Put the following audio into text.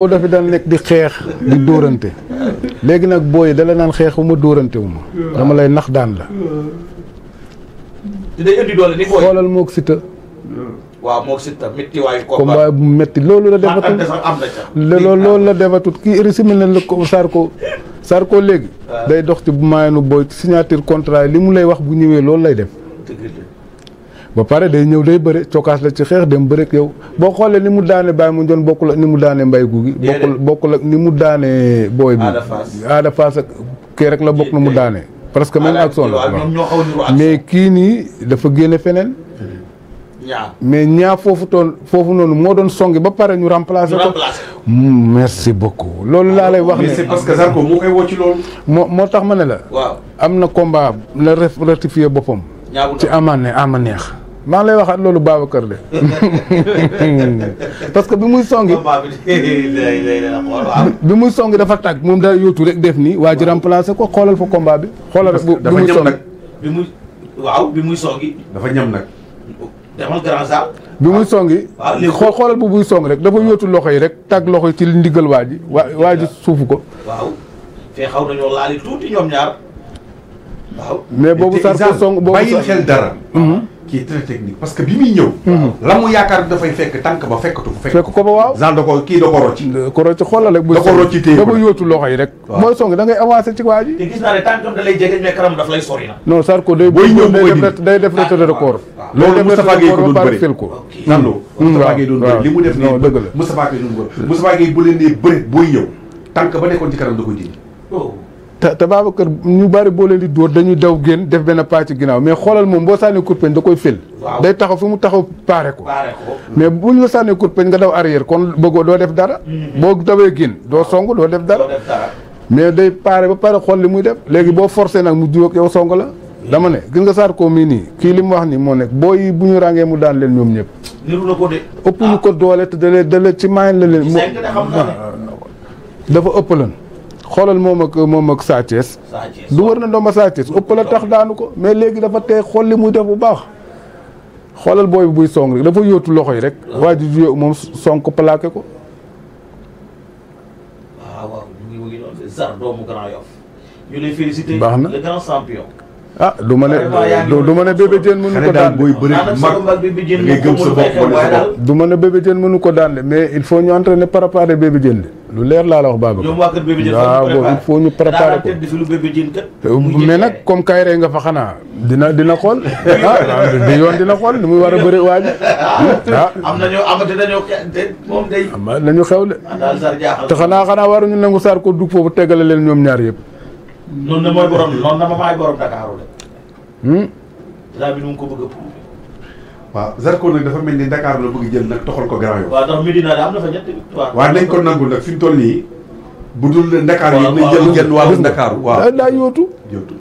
boo dafi daan nekk di xeex di dóorante léegi nag booy dala naan xeex wu ma dóorante wu ma dama lay nax daan la day indi doole xoolal moog Siteu waaw moog Siteu métti waayu combat bu métti loolu la defatut loolu loolu la defatut kii risimil na la ko Sarko Sarko léegi ah. day dox ci bu maayanu booy signature contrat li mu lay wax bu ñëwee loolu lay def ba pare day ñëw day bëre cokaas la ci xeex dem bëre ak boo xoolee ni mu daane bàyyi mu doon bokkul ak ni mu daane mbay gu gi. bokkul ak ni mu daane booy bi. aada faas ak kii rek la bokk na mu daane. parce que même action la mais kii nii dafa génne feneen. mais ñaa foofu toon foofu noonu moo doon songi ba pare ñu remplacer ko mm, merci bokk loolu laa lay wax ne c'est que Zarko moo tax ma ne la am na combat la ratifié boppam ci ama ne ama neex maa ngi lay waxaat loolu Babacar de parce que bi muy songi bi muy songi dafa tàgg moom da yóotu rek def nii waa ji ko xoolal fa kombaa bi xoolal rek bi muy songi waaw bi muy songi dafa ñam nag demal grand salle bi muy xoolal bu song rek dafa yóotu loxo yi rek tag loxo yi ci ndiggal waa ji waa waa ji suufu ko waaw xaw nañoo laali tuuti ñoom mais boobu sar ko song boobu bàyyi xel dara mhm. qui est très que bi muy ñëw. Mhm. la mu yaakaar dafay fekk tànk ba fekkatu ko. fekk ko ba waaw genre da ko kii da ko da ko rocci loxo yi rek. mooy song da ngay ci waa ji. te gis day. booy ñëw mu day doon bëri mm, mu def nii dëgg la booy ñëw tànk ba nekkoon ci kanam da koy jënd te te kër ñu bari boo leen di dóor dañuy daw génn def benn paa ci ginnaaw mais xoolal moom boo sànnee kurpeñ da koy fil day taxaw fi mu taxaw paare ko. mais bu ñu la sànnee kurpeñ nga daw arrière kon bëggoo doo def dara. Mm-hmm. boo dawee génn doo song doo def dara. mais day paare ba pare xool li muy def. léegi boo forcé nag mu juróog yow song la. dama ne gis nga saar ko mii nii kii li mu wax nii moo nekk booy bu ñu ràngee mu daan leen ñoom ñëpp. niru na ko de. ëpp ñu ko doole te dalee dalee ci maay la leen. dafa ëpp lan xoolal moom ak moom ak Sa Thiès du wër na ndomba Sa Thiès ëpp la tax daanu ko mais léegi dafa tee xool li muy def bu baax xoolal booy buy song rek dafa yóotu loxo yi rek ah. waa ji du moom song ko plaqué ko ah, waaw mu ngi baax na le grand ah du ma ne du ma ne Bébé Diène mënu ko daan booy bëri mag ngay gëm mënu ko daan de mais il faut ñu entraîner préparer Bébé Diène de lu leer laa la wax Baba waaw ah, il faut ñu préparer ko euh, mais nag comme Kayre nga fa xanaa dina dina xool ah di yoon dina xool ni muy war a bëri waa ji ah. Ah. am nañu amati dañoo moom day am nañu xew de te xanaa xanaa waruñu nangu Sarr ko dug foofu tegale leen ñoom ñaar yëpp noonu na état bi nu ko bëgg a prouvé. waaw Zarko nag dafa mel Dakar la bëgg jël nag toxal ko Grand Yoff. waaw ndax Medina am na fa ñetti victoire. waaw nañ ko nangul nag fi mu budul Dakar yi nañ jël genn wàllu Dakar waaw daa yóotu yóotu.